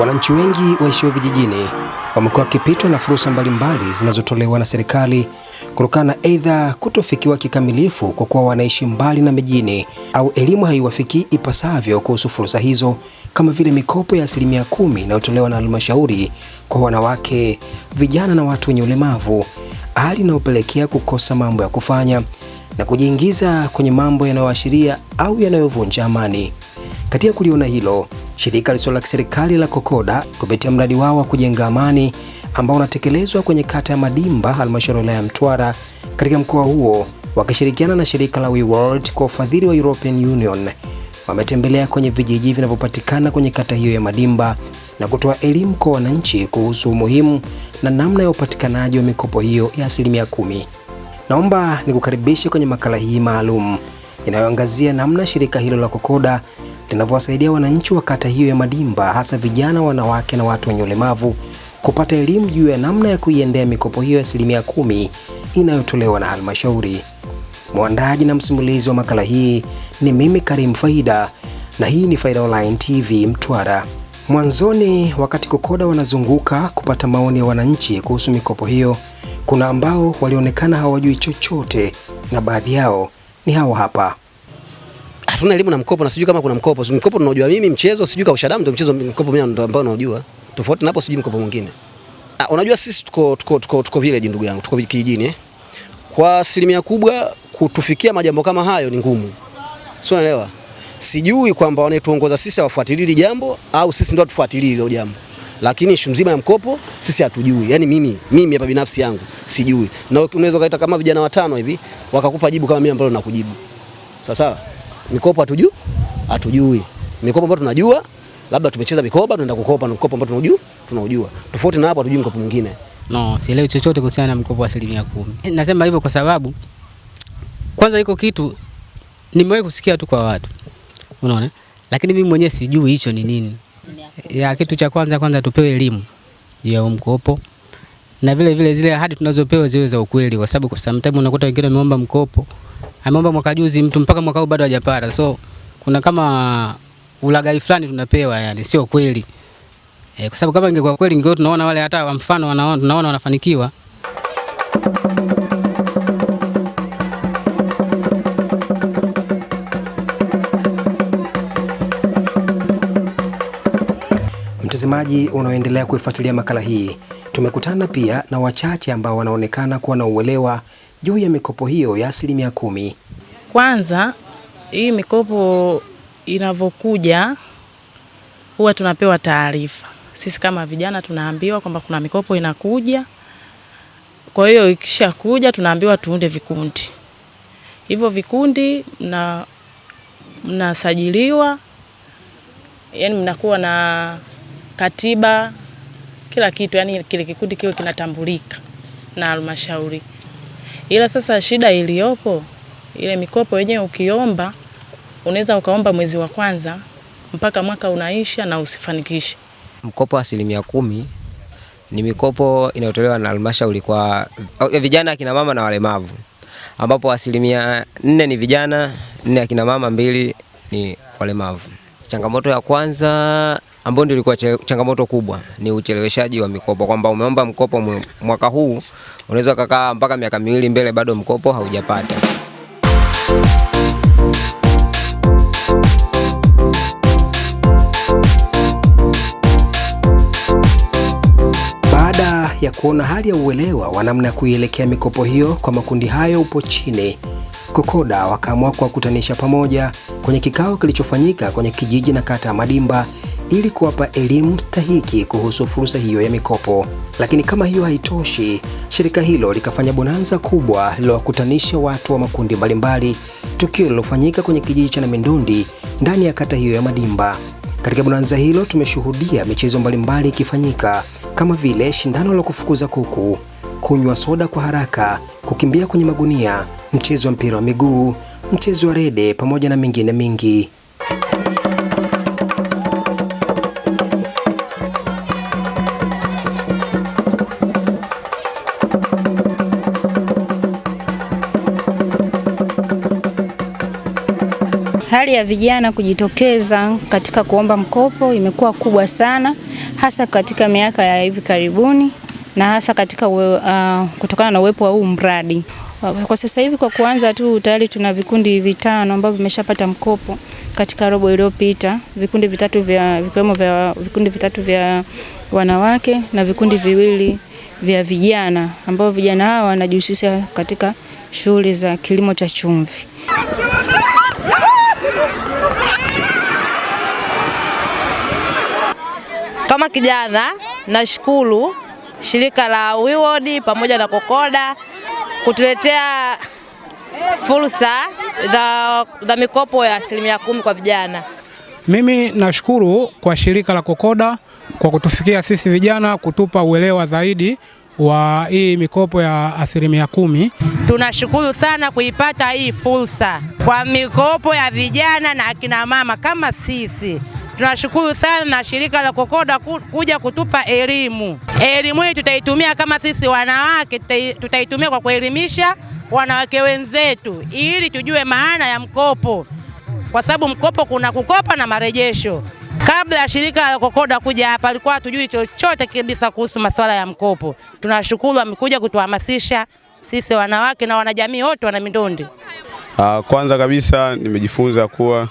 Wananchi wengi waishio vijijini wamekuwa wakipitwa na fursa mbalimbali zinazotolewa na serikali kutokana na aidha kutofikiwa kikamilifu kwa kuwa wanaishi mbali na mijini au elimu haiwafikii ipasavyo kuhusu fursa hizo, kama vile mikopo ya asilimia kumi inayotolewa na halmashauri kwa wanawake, vijana na watu wenye ulemavu, hali inayopelekea kukosa mambo ya kufanya na kujiingiza kwenye mambo yanayoashiria au yanayovunja amani. Katika kuliona hilo Shirika lisilo la kiserikali la COCODA kupitia mradi wao wa kujenga amani ambao unatekelezwa kwenye kata ya Madimba halmashauri ya Mtwara katika mkoa huo wakishirikiana na shirika la We World kwa ufadhili wa European Union wametembelea kwenye vijiji vinavyopatikana kwenye kata hiyo ya Madimba na kutoa elimu kwa wananchi kuhusu umuhimu na namna ya upatikanaji wa mikopo hiyo ya asilimia kumi. Naomba nikukaribishe kwenye makala hii maalum inayoangazia namna shirika hilo la COCODA linavyowasaidia wananchi wa kata hiyo ya Madimba, hasa vijana, wanawake na watu wenye ulemavu kupata elimu juu ya namna ya kuiendea mikopo hiyo ya asilimia kumi inayotolewa na halmashauri. Mwandaji na msimulizi wa makala hii ni mimi Karim Faida, na hii ni Faida Online TV Mtwara. Mwanzoni, wakati kokoda wanazunguka kupata maoni ya wananchi kuhusu mikopo hiyo, kuna ambao walionekana hawajui chochote, na baadhi yao ni hawa hapa hatuna elimu na mkopo na sijui kama kuna mkopo. Si mkopo tunaojua mimi mchezo sijui kausha damu ndio mchezo mkopo mimi ndio ambao naojua. Tofauti na hapo sijui mkopo mwingine. Ah, unajua sisi tuko tuko tuko, tuko village ndugu yangu, tuko kijijini eh. Kwa asilimia kubwa kutufikia majambo kama hayo ni ngumu. Sio, unaelewa? Sijui kwamba wanetuongoza sisi hawafuatilii jambo au sisi ndio tufuatilii hilo jambo. Lakini ishu nzima ya mkopo sisi hatujui. Yaani mimi mimi hapa binafsi yangu sijui. Na unaweza kaita kama vijana watano hivi wakakupa jibu kama mimi ambalo nakujibu. Sawa sawa? mikopo hatujui, hatujui mikopo ambayo tunajua labda tumecheza mikopo tunaenda kukopa na mkopo ambao tunajua tunaujua. Tofauti na hapo hatujui mkopo mwingine. No, sielewi chochote kuhusiana na mkopo wa asilimia kumi. Eh, nasema hivyo kwa sababu kwanza iko kitu nimewahi kusikia tu kwa watu. Unaona? Lakini mimi mwenyewe sijui hicho ni nini. Ya kitu cha kwanza kwanza tupewe elimu ya mkopo. Na vile vile zile ahadi tunazopewa ziwe za ukweli kwa sababu kwa sometimes unakuta wengine wameomba mkopo ameomba mwaka juzi mtu mpaka mwaka huu bado hajapata. So kuna kama ulagai fulani tunapewa, yani sio kweli e, kwa sababu kama ingekuwa kweli ingekuwa tunaona wale hata mfano wanaona, tunaona wanafanikiwa. Mtazamaji unaoendelea kuifuatilia makala hii, tumekutana pia na wachache ambao wanaonekana kuwa na uelewa juu ya mikopo hiyo ya asilimia kumi. Kwanza hii mikopo inavyokuja huwa tunapewa taarifa sisi kama vijana, tunaambiwa kwamba kuna mikopo inakuja. Kwa hiyo ikishakuja, tunaambiwa tuunde vikundi. Hivyo vikundi mna mnasajiliwa, yani mnakuwa na katiba, kila kitu, yani kile kikundi kiwe kinatambulika na halmashauri. Ila sasa shida iliyopo ile mikopo yenyewe ukiomba unaweza ukaomba mwezi wa kwanza mpaka mwaka unaisha na usifanikishe. Mkopo wa asilimia kumi ni mikopo inayotolewa na halmashauri kwa vijana, akina mama na walemavu, ambapo asilimia nne ni vijana, nne akina mama, mbili ni walemavu. Changamoto ya kwanza ambao ndio ilikuwa changamoto kubwa ni ucheleweshaji wa mikopo, kwamba umeomba mkopo mwaka huu, unaweza kukaa mpaka miaka miwili mbele bado mkopo haujapata. Baada ya kuona hali ya uelewa wa namna ya kuielekea mikopo hiyo kwa makundi hayo upo chini KOKODA wakaamua kuwakutanisha pamoja kwenye kikao kilichofanyika kwenye kijiji na kata ya Madimba ili kuwapa elimu stahiki kuhusu fursa hiyo ya mikopo. Lakini kama hiyo haitoshi, shirika hilo likafanya bonanza kubwa lilowakutanisha watu wa makundi mbalimbali, tukio lilofanyika kwenye kijiji cha Namindundi ndani ya kata hiyo ya Madimba. Katika bonanza hilo tumeshuhudia michezo mbalimbali ikifanyika kama vile shindano la kufukuza kuku, kunywa soda kwa haraka, kukimbia kwenye magunia, mchezo wa mpira wa miguu, mchezo wa rede pamoja na mingine mingi. Hali ya vijana kujitokeza katika kuomba mkopo imekuwa kubwa sana, hasa katika miaka ya hivi karibuni na hasa katika we, uh, kutokana na uwepo wa huu mradi uh, kwa sasa hivi. Kwa kuanza tu tayari tuna vikundi vitano ambavyo vimeshapata mkopo katika robo iliyopita, vikundi vitatu vya vikiwemo vya vikundi vitatu vya wanawake na vikundi viwili vya vijana ambao vijana hawa wanajihusisha katika shughuli za kilimo cha chumvi. Kama kijana nashukuru shirika la WeWorld pamoja na Kokoda kutuletea fursa za mikopo ya asilimia kumi kwa vijana. Mimi nashukuru kwa shirika la Kokoda kwa kutufikia sisi vijana, kutupa uelewa zaidi wa hii mikopo ya asilimia kumi. Tunashukuru sana kuipata hii fursa kwa mikopo ya vijana na akina mama kama sisi. Tunashukuru sana na shirika la kokoda kuja kutupa elimu. Elimu hii tutaitumia kama sisi wanawake, tutaitumia kwa kuelimisha wanawake wenzetu ili tujue maana ya mkopo, kwa sababu mkopo kuna kukopa na marejesho. Kabla ya shirika la Kokoda kuja hapa, alikuwa hatujui chochote kabisa kuhusu masuala ya mkopo. Tunashukuru amekuja kutuhamasisha sisi wanawake na wanajamii wote wana Mindondi. Ah, kwanza kabisa nimejifunza kuwa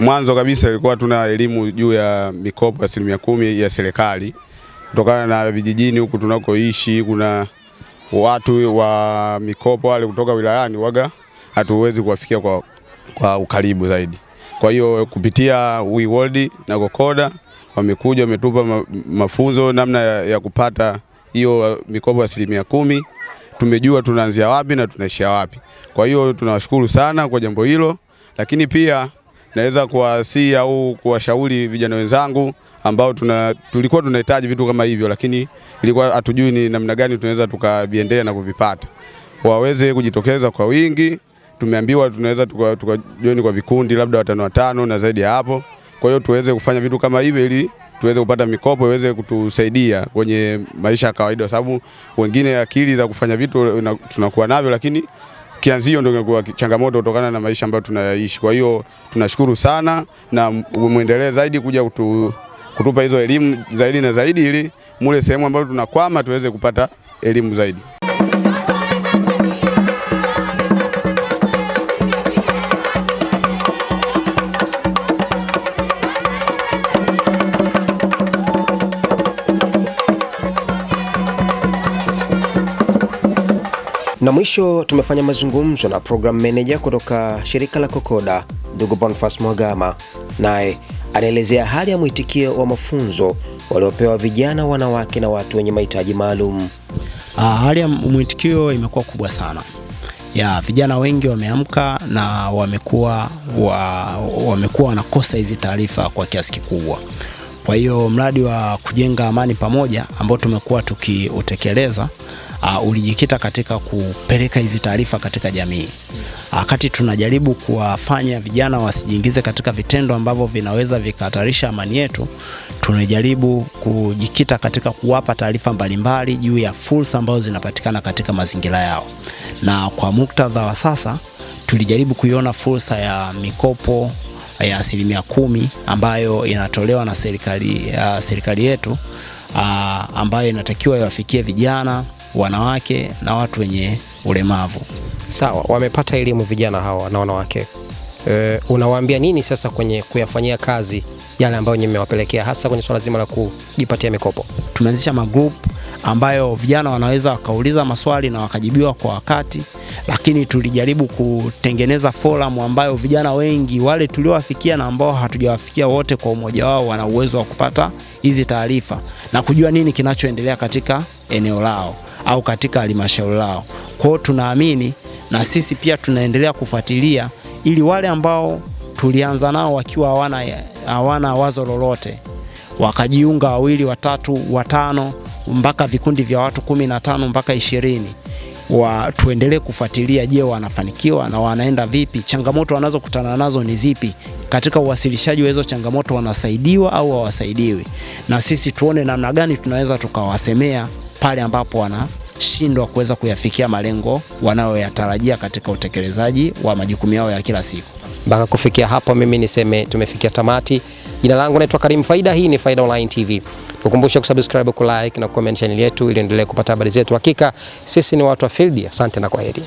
mwanzo kabisa ilikuwa tuna elimu juu ya mikopo ya asilimia kumi ya serikali kutokana na vijijini huku tunakoishi kuna watu wa mikopo wale kutoka wilayani waga hatuwezi kuwafikia kwa, kwa ukaribu zaidi. Kwa hiyo kupitia WeWorld na Kokoda wamekuja wametupa mafunzo namna ya, ya kupata hiyo mikopo ya asilimia kumi. Tumejua tunaanzia wapi na tunaishia wapi. Kwa hiyo tunawashukuru sana kwa jambo hilo, lakini pia naweza kuwasii au kuwashauri vijana wenzangu ambao tuna, tulikuwa tunahitaji vitu kama hivyo, lakini ilikuwa hatujui ni namna gani tunaweza tukaviendea na kuvipata. Waweze kujitokeza kwa wingi, tumeambiwa tunaweza tukajoini kwa vikundi labda watano watano na zaidi ya hapo. Kwa hiyo tuweze kufanya vitu kama hivyo ili tuweze kupata mikopo iweze kutusaidia kwenye maisha ya kawaida, kwa sababu wengine akili za kufanya vitu tunakuwa navyo lakini kianzio ndio ingekuwa changamoto kutokana na maisha ambayo tunayaishi. Kwa hiyo tunashukuru sana na muendelee zaidi kuja kutu, kutupa hizo elimu zaidi na zaidi, ili mule sehemu ambayo tunakwama tuweze kupata elimu zaidi. Na mwisho tumefanya mazungumzo na program manager kutoka shirika la Kokoda ndugu Bonfas Mwagama, naye anaelezea hali ya mwitikio wa mafunzo waliopewa vijana, wanawake na watu wenye mahitaji maalum. Ah, hali ya mwitikio imekuwa kubwa sana ya vijana wengi wameamka na wamekuwa wa, wamekuwa wanakosa hizi taarifa kwa kiasi kikubwa. Kwa hiyo mradi wa kujenga amani pamoja ambao tumekuwa tukiutekeleza uh, ulijikita katika kupeleka hizi taarifa katika jamii ah, wakati uh, tunajaribu kuwafanya vijana wasijiingize katika vitendo ambavyo vinaweza vikahatarisha amani yetu. Tunajaribu kujikita katika kuwapa taarifa mbalimbali juu ya fursa ambazo zinapatikana katika mazingira yao, na kwa muktadha wa sasa tulijaribu kuiona fursa ya mikopo ya asilimia kumi ambayo inatolewa na serikali, uh, serikali yetu uh, ambayo inatakiwa iwafikie vijana wanawake na watu wenye ulemavu. Sawa, wamepata elimu vijana hawa na wanawake e, unawaambia nini sasa kwenye kuyafanyia kazi yale ambayo nyinyi mmewapelekea, hasa kwenye swala zima la kujipatia mikopo? Tumeanzisha magroup ambayo vijana wanaweza wakauliza maswali na wakajibiwa kwa wakati, lakini tulijaribu kutengeneza forum ambayo vijana wengi wale tuliowafikia na ambao hatujawafikia wote kwa umoja wao wana uwezo wa kupata hizi taarifa na kujua nini kinachoendelea katika eneo lao au katika halmashauri lao. Kwa hiyo tunaamini na sisi pia tunaendelea kufuatilia ili wale ambao tulianza nao wakiwa hawana hawana wazo lolote wakajiunga wawili, watatu, watano mpaka vikundi vya watu kumi na tano mpaka ishirini wa tuendelee kufuatilia, je, wanafanikiwa na wanaenda vipi? Changamoto wanazokutana nazo ni zipi? Katika uwasilishaji wa hizo changamoto wanasaidiwa au hawasaidiwi? Na sisi tuone namna gani tunaweza tukawasemea pale ambapo wanashindwa kuweza kuyafikia malengo wanayoyatarajia katika utekelezaji wa majukumu yao ya kila siku. Mpaka kufikia hapo, mimi niseme tumefikia tamati. Jina langu naitwa Karim Faida, hii ni Faida Online TV. Kukumbusha kusubscribe, kulike na kucomment channel yetu ili endelee kupata habari zetu. Hakika sisi ni watu wa field. Asante na kwaheri.